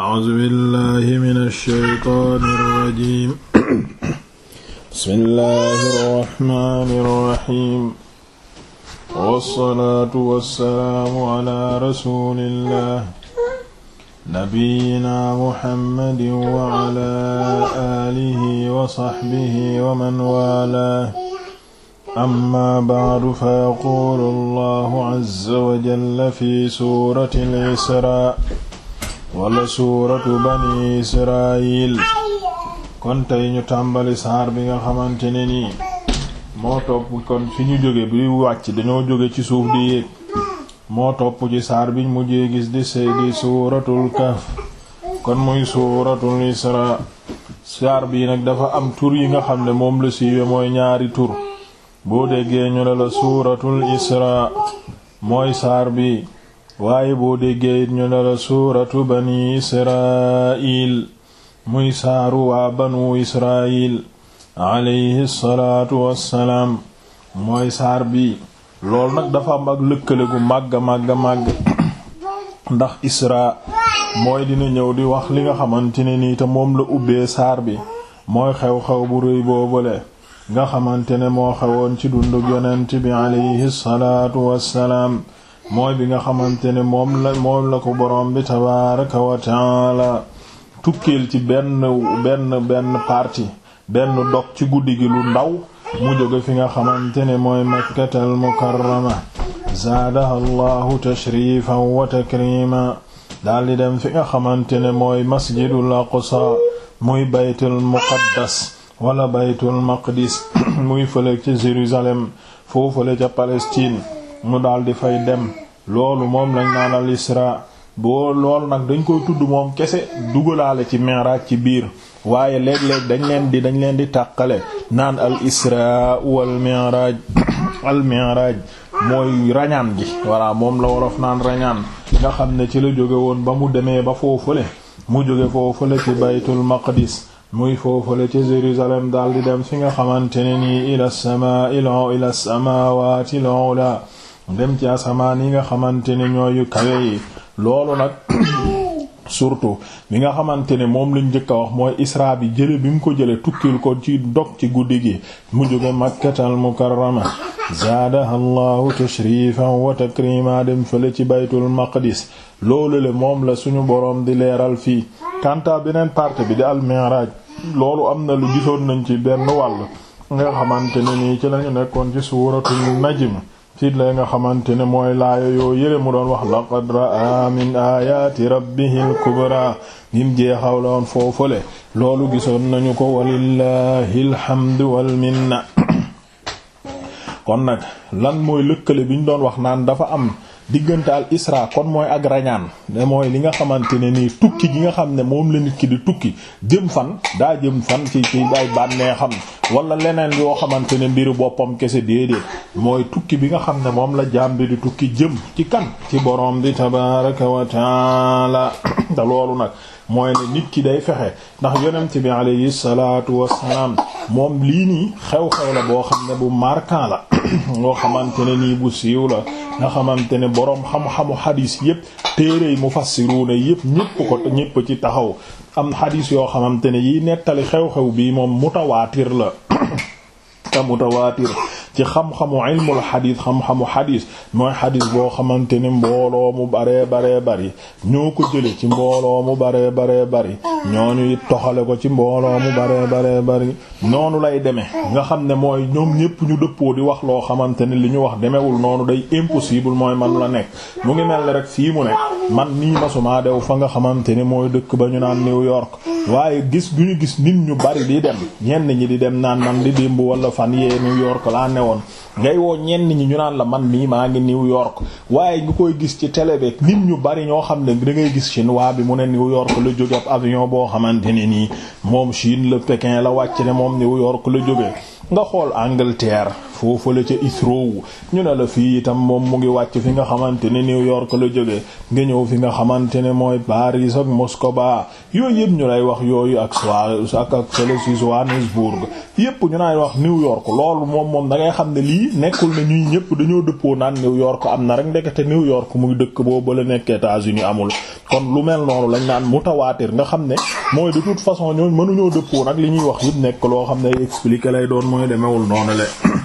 A'uuzu billaahi mina shaytaani rajiim. Bismillaahi rahmaani rahiim. Wassalaatu wassalaamu alaa rasuulillaah. Nabiyyinaa Muhammadin wa alaa aalihi wa sahbihi wa man waalaah. Amma ba'du fa yaquulu Allaahu azza wa jalla fi suuratil Israa. wala suuratu bani israil kon tey ñu tàmbali saar bi nga xamante ne nii moo topp kon fi ñu jóge bi wàcc dañoo jóge ci suuf di yéeg moo topp ci saar bi mujjee gis di sey di suuratul kaf kon muy suuratul isra saar bi nag dafa am tur yi nga xam ne moom la siiwe mooy ñaari tur boo déggee ñu ne la suuratul isra mooy saar bi waaye boo déggee it ñu ne la suuratu bani israil muy saaru waa banu israil alayhi salaatu wassalaam mooy saar bi loolu nag dafa am ak lëkkale gu màgg màgg màgg ndax isra mooy dina ñëw di wax li nga xamante ne nii te moom la ubbee saar bi mooy xew-xew bu rëy boobule nga xamante ne moo xewoon ci dundug yonent bi alayhi salaatu wassalaam mooy bi nga xamante ne moom la moom la ko borom bi tabaraka wa taala tukkeel ci benn benn benn benn dog ci guddi gi lu ndaw mu jóge fi nga xamante ne mooy makkatal mukarrama zaadaha allahu tashrifan wa takrima daldi dem fi nga xamante ne mooy masjidul aqsa muy baytul muqaddas wala baytul maqdis muy fële ca Jérusalem foofale ca Palestine mu daal di fay dem loolu moom lañ naan al isra boo loolu nag dañ koy tudd moom kese dugalaale ci mi'raj ci biir waaye léeg-léeg dañ leen di dañ leen di tàqale naan al isra wal mi'raj al mi'raj mooy rañaan gi voilà moom la wolof naan rañaan nga xam ne ci la jóge woon ba mu demee ba foofale mu jóge foofale ci baytul maqdis muy foofale ci Jérusalem daal di dem fi nga xamante ne nii ila sama ila samawati ila dem ci asamaan yi nga xamante ne ñooyu kawe yi loolu nag surtout bi nga xamante ne moom lañ njëkk a wax mooy isra bi jële bi mu ko jële tukkil ko ci dog ci guddi gi mu jóge makkatal mukarrama zaadaha allahu tashrifan wa takrima dem fële ci baytul maqdis loolu le moom la suñu boroom di leeral fii kanta beneen partie bi di al mi'raj loolu am na lu gisoon nañ ci benn wàll nga xamante ni nii ci lañu nekkoon ci suuratul najm ci la nga xamante ne mooy laaya yoo yële mu doon wax laqad raa min ayati rabbihil kubra gim jeexawloon foofule loolu gisoon nañu ko walillahi alhamdu wal kon nag lan mooy lëkkale bi ñu doon wax naan dafa am diggante al isra kon mooy ak rañaan mooy li nga xamante ne nii tukki gi nga xam ne moom la nit ki di tukki jëm fan daa jëm fan ci ci ay bànnee xam wala leneen yoo xamante ne mbiru boppam kese déedéet mooy tukki bi nga xam ne moom la jaam bi di tukki jëm ci kan ci borom bi tabaraka wa taala te loolu nag mooy ne nit ki day fexe ndax yonent bi alayhi salaatu wassalaam moom lii nii xew-xew la boo xam ne bu marquant la moo xamante ne nii bu siiw la nga xamante ne boroom xam-xamu xadiis yépp téere yi mufassiruuna yépp ñépp ko ñépp ci taxaw am xadiis yoo xamante ne yi nettali xew-xew bi moom mutawaatir la te mutawaatir ci xam-xamu ilmul xadis xam-xamu xadis mooy xadis boo xamante ni mbooloo mu baree baree bari ñoo ko jële ci mbooloo mu baree baree bari ñoo it toxale ko ci mbooloo mu baree baree bari noonu lay demee nga xam ne mooy ñoom ñépp ñu dëppoo di wax loo xamante ne li ñu wax demewul noonu day impossible mooy man la nekk mu ngi mel rek fii mu ne man nii masuma dew fa nga xamante ni mooy dëkk ba ñu naan New York waaye gis du ñu gis nit ñu bari di dem ñenn ñi di dem naan man di démb wala fan yee New woon ngay woo ñenn ñi ñu naan la man mii maa ngi New York waaye nga koy gis ci tele beeg nit ñu bari ñoo xam ne da ngay gis waa bi mu ne New York la jóge ab avion boo xamante ne nii moom Chine la Pékin la wàcc ne moom New York la jóge nga xool Angleterre la ca Israël ñu ne la fii itam moom mu ngi wàcc fi nga xamante ne New York la jógee nga ñëw fi nga xamante ne mooy Paris ak Moscou ba yooyu yëpp ñu lay wax yooyu ak soi ak ak solo si Johannesburg yëpp ñu naay wax New York loolu moom moom da ngay xam ne lii nekkul ne ñuy ñëpp dañoo dëppoo naan New York am na rek ndekete New York muy dëkk boobu la nekk États-Unis amul kon lu mel noonu lañ naan mu mutawaatir nga xam ne mooy de toute façon ñooñ mënuñoo dëppoo nag li ñuy wax yëpp nekk loo xam ne expliqué lay doon mooy demewul noonu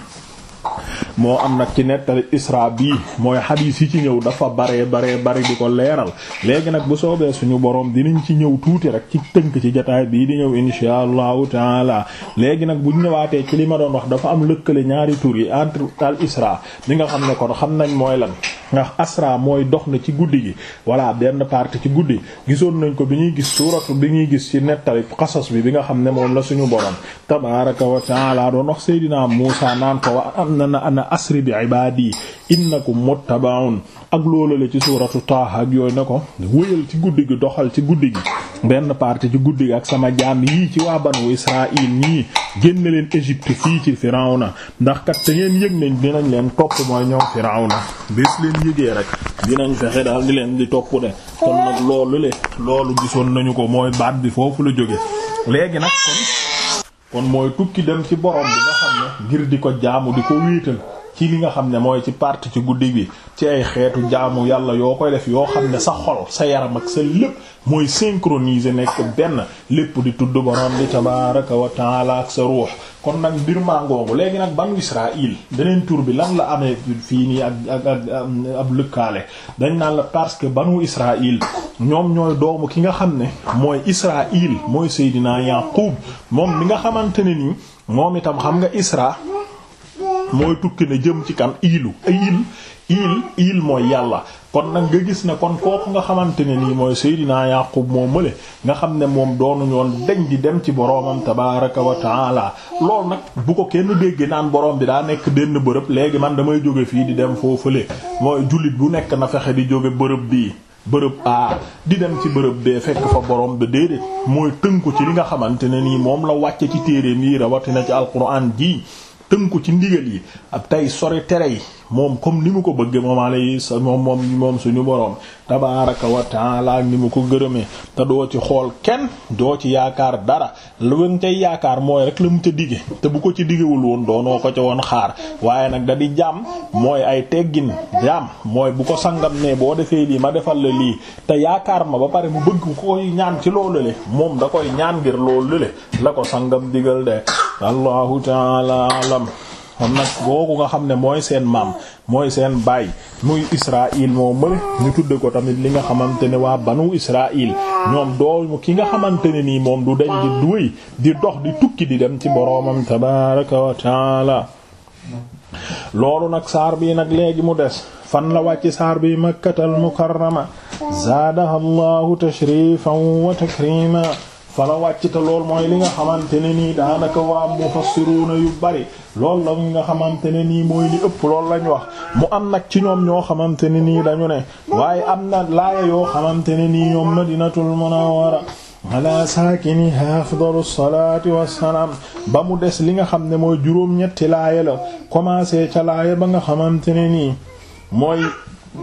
moo am nag ci nettali isra bii mooy xadiis yi ci ñëw dafa baree bare bari ko leeral léegi nag bu soobee suñu borom dinañ ci ñëw tuuti rek ci tënk ci jataay bii di ñëw insha allahu taala léegi nag buñ ñëwaatee ci li ma doon wax dafa am lëkkale ñaari tur yi entre al isra li nga xam ne kon xam nañ mooy lan ndax asra mooy dox na ci guddi gi voilà benn partie ci guddi gisoon nañ ko bi ñuy gis suuratu bi ñuy gis ci nettali xasas bi bi nga xam ne moom la suñu borom tabaaraka wa taala doon wax sayidina rabbana asri bi ibaadi innakum muttabaun ak loolu la ci suuratu taaha ak yooy ne ko wëyal ci guddi gi doxal ci guddi gi benn partie ci guddi gi ak sama jaam yii ci waa banu israil ñii génn leen Égypte fii ci firawna ndax kat te ngeen yëg nañ dinañ leen topp mooy ñoom firawna bés leen yëgee rek dinañ fexe daal di leen di topp de kon nag loolu le loolu gisoon nañu ko mooy baat bi foofu la jóge léegi nag kon kon mooy tukki dem ci borom bi nga xam ne ngir di ko jaamu di ko wéetal ci li nga xam ne mooy ci partie ci guddi bi ci ay xeetu jaamu yàlla yoo koy def yoo xam ne sa xol sa yaram ak sa lépp mooy synchronisé nekk benn lépp di tudd borom di tabaraka wa taala ak sa ruux kon nag mbir mangoongu léegi nag banu Israël beneen tur bi lan la amee fii nii ak ak ak ab lëkkaale dañ naan la parce que banu Israël ñoom ñooy doomu ki nga xam ne mooy Israël mooy seydinaa Yaqub moom mi nga xamante ne nii moom itam xam nga Isra mooy tukki ne jëm ci kan iilu iil iil mooy yàlla kon nag nga gis ne kon kooku nga xamante ne nii mooy Seydina Yaqub moo mële nga xam ne moom doonuñu woon dañ di dem ci boroomam tabaaraka wa taala loolu nag bu ko kenn déggee naan borom bi daa nekk benn bërëb léegi man damay jóge fii di dem foofule mooy jullit bu nekk na fexe di jóge bërëb bii. bërëb a di dem ci bërëb bee fekk fa borom bi déedéet mooy tënku ci li nga xamante ne nii moom la wàcce ci téere rawatina ci alquran ji tënku ci ndigal yi ab tey sore tere yi moom comme ni mu ko bëggee moom alayhi sa moom moom moom suñu boroom tabaaraka wa taala ni mu ko gërëmee te doo ci xool kenn doo ci yaakaar dara lu tey yaakaar mooy rek la mu ca digge te bu ko ci diggewul woon doonoo ko ca woon xaar waaye nag da di jaam mooy ay teggin jaam mooy bu ko sangam ne boo defee lii ma defal la lii te yaakaar ma ba pare bu bëgg koy ñaan ci loolu le moom da koy ñaan ngir loolu le la ko sangam digal de allahu taala kon nag googu nga xam ne mooy seen maam mooy seen baay muy Israaïl moo mën ñu tudde ko tamit li nga xamante ne waa banu Israaïl ñoom doomu ki nga xamante ne nii moom du deñ di duy di dox di tukki di dem ci boroomam tabaaraka wa taala loolu nag saar bii nag léegi mu des fan la wàcc saar bi makkatal mukarrama zaadaha allahu tashrifan wa takrima fala wàcc te lool mooy li nga xamante ne nii daanaka waa mufassiruna yu bari lool la nga xamante ne nii mooy li ëpp lool lañu wax mu am nag ci ñoom ñoo xamante ne nii dañu ne waaye am na laaya yoo xamante ne nii ñoom dinatul Madinatul Munawwara ala saakiniha afdalu salaati wassalaam ba mu des li nga xam ne mooy juróom-ñetti laaya la commencé ca laaya ba nga xamante ne nii mooy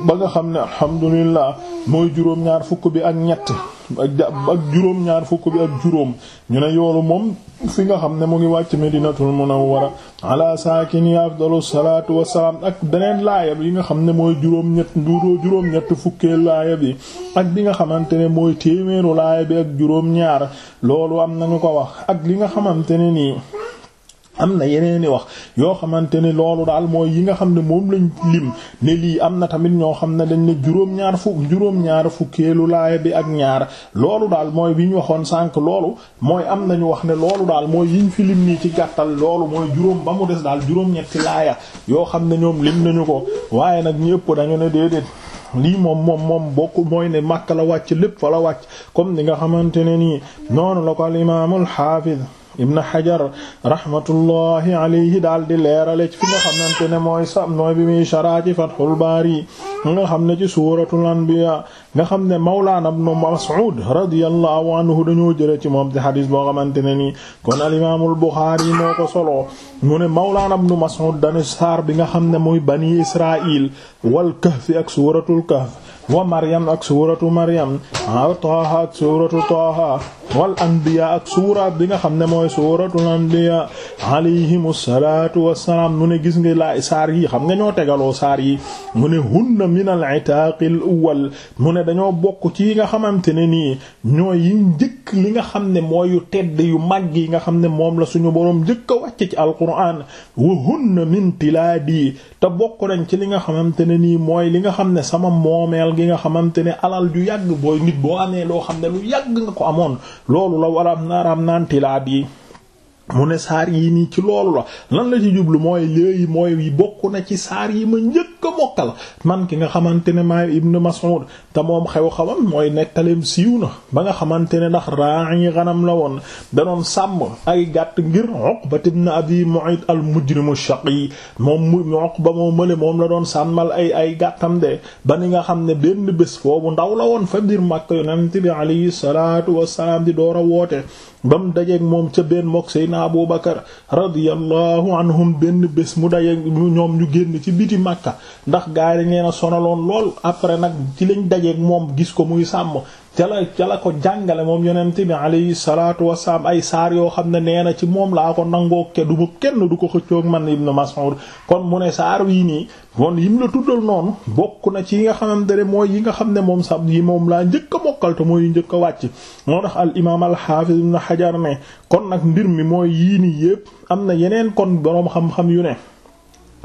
ba nga xam ne alhamdulillah mooy juróom-ñaar fukk bi ak ñetti ak juróom ñaar fukk bi ak juróom ñu ne yoolu moom fi nga xam ne mu ngi wàcc Madinatul Munawwara ala saakini afdalu salaatu wassalaam ak beneen laaya bi nga xam ne mooy juróom ñett duudoo juróom ñett fukkee laaya bi ak li nga xamante ne mooy téeméeru laaya bi ak juróom ñaar loolu am nañu ko wax ak li nga xamante ne nii am na yeneen i wax yoo xamante ne loolu daal mooy yi nga xam ne moom lañ lim ne lii am na tamit ñoo xam ne dañ ne juróom-ñaar fukk juróom-ñaar fukkeelu laaya bi ak ñaar loolu daal mooy bi ñu waxoon sànq loolu mooy am nañu wax ne loolu daal mooy yiñ fi lim nii ci gàttal loolu mooy juróom ba mu des daal juróom-ñetti laaya yoo xam ne ñoom lim nañu ko waaye nag ñëpp dañu ne déedéet lii moom moom moom bokk mooy ne Makka la wàcc lépp fa la wàcc comme ni nga xamante ne nii noonu la ko al imaamul xaafis ibn Hajar rahmatullahi alayhi daal di leerale fi nga xamante ne mooy sa mooy bi muy sharaa ci Fathul Baari nga xam ne ci suuratul Anbiya nga xam ne mawlaana ibn Mas'ud radiyallahu anhu dañoo jëlee ci moom ci xadis boo xamante ne nii kon al-Imaamul Buxaari moo ko solo mu ne mawlaana ibn Mas'ud dane saar bi nga xam ne mooy bani Israa'iil wal kahfi ak suuratul kahf wa Maryam ak suuratu Maryam wa Taaha ak suuratu Taaha wal anbiya ak suuraat bi nga xam ne mooy suuratul anbiya alayhimu wassalaam mu ne gis nga laa saar yi xam nga ñoo tegaloo saar yi mu ne hunna minal itaaqil awwal mu ne dañoo bokk ci yi nga xamante ne nii ñooy yi njëkk li nga xam ne mooy tedd yu màgg yi nga xam ne moom la suñu boroom njëkk a wàcc ci alquraan wa hunna min tilaadi te bokk nañ ci li nga xamante ne nii mooy li nga xam ne sama moomeel alal gi nga xamante ne alal ju yàgg booy nit boo amee loo xam ne lu yàgg nga ko amoon loolu la waraam naaraam naantilaat yi mu ne saar yi nii ci loolu la nan la ci jublu mooy léegi mooy bokk na ci saar yi ma njëkk a mokkal man ki nga xamante ne maay Ibn Mas'ud te moom xew xamam mooy nettaleem siiw na ba nga xamante ne ndax ra'i ganam la woon danoon sàmm ay gàtt ngir Uqba ibn Abi Mu'ayt al-mujrimu shaqi moom Uqba moom mële moom la doon sàmmal ay ay gàttam de ba ni nga xam ne benn bés foofu ndaw la woon fa biir Makka yonent bi alayhi salaatu wassalaam di door a woote ba mu dajeeg moom ca benn mook Seydina Abu Bakar radiyallahu anhum benn bés mu dajeeg ñoom ñu génn ci biti Makka ndax gaay dañ leen sonaloon lool après nag ci lañ dajeeg moom gis ko muy sàmm ca la ca la ko jàngale moom yonent bi alayhi salaatu wasalaam ay saar yoo xam ne nee na ci moom laa ko nangoo ke du kenn du ko xëccoog man Ibn Mas'ud kon mu ne saar wii nii kon yim la tuddal noonu bokk na ci yi nga xamante ne mooy yi nga xam ne moom sax yi moom laa njëkk a mokkal te mooy njëkk a wàcc moo tax al imaam al xaafiz ibn Hajar ne kon nag mbir mi mooy yii nii yépp am na yeneen kon boroom xam-xam yu ne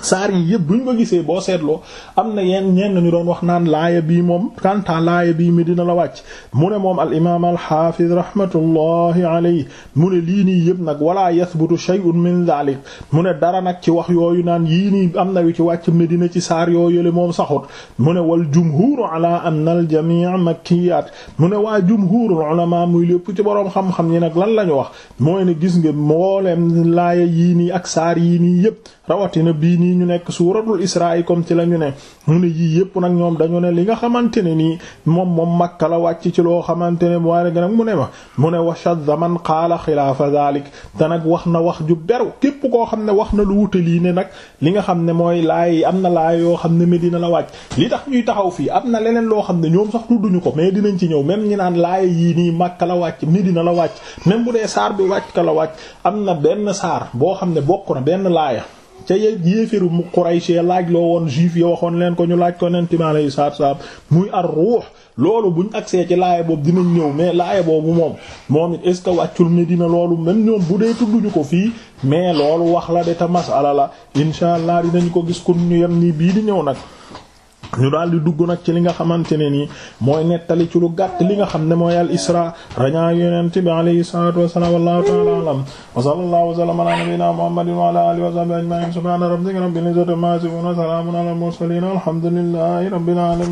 saar yi yëpp buñ ko gisee boo seetloo am na ñeen ñenn ñu doon wax naan laaya bii moom kantaa laaya bii mi dina la wàcc mu ne moom al imaam al xaafiz rahmatullahi alayhi mu lii nii yëpp nag wala yathbutu shay'un min dhalik mu ne dara nag ci wax yooyu naan yii nii am na yu ci wàcc Medina ci saar yoo yële moom saxut mu ne wal jumhuru ala anna al jamii' makkiyat mu ne waa jumhurul ulama muy lépp ci boroom xam-xam ñi nag lan la wax mooy ne gis nga mbooleem laaya yii nii ak saar yii nii yëpp rawatina bii nii nii ñu nekk suuratul Israa comme ci la ñu ne mu ne yii yëpp nag ñoom dañu ne li nga xamante ne nii moom moom Makka la wàcc ci loo xamante ne waaye nag nag mu ne ma mu ne wa shadda man qaala xilaafa daalik te nag wax na wax ju beru képp koo xam ne wax na lu wute lii ne nag li nga xam ne mooy laay am na laay yoo xam ne Medina la wàcc li tax ñuy taxaw fii am na leneen loo xam ne ñoom sax tudduñu ko mais dinañ ci ñëw même ñi naan laay yii nii Makka la wàcc Medina la wàcc même bu dee saar bi wàcc ka la wàcc am na benn saar boo xam ne bokk na benn laaya ca yéeféru mu Quraysh laaj loo woon juif ya waxoon leen ko ñu laaj ko neen time alayhi salaatu salaam muy ar ruux loolu buñ agsee ci laaya boobu dinañ ñëw mais laaya boobu moom moom it est-ce que wàccul Medina loolu même ñoom bu dee tudduñu ko fii mais loolu wax la de ta masala la insha allah dinañ ko gis kun ñu yem nii bii di ñëw nag ñu daal di dugg nag ci li nga xamante ne nii mooy nettali ci lu gàtt li nga xam ne mooy al isra rañaa yonent bi alayhi salatu wassalam wallahu ta'ala alam a sallallahu wa sallama ala nabiyyina muhammadin wa ala alihi wa sahbihi ajma'in subhana rabbika rabbil izzati amma yasifun wa salamun ala al mursalin walhamdulillahi rabbil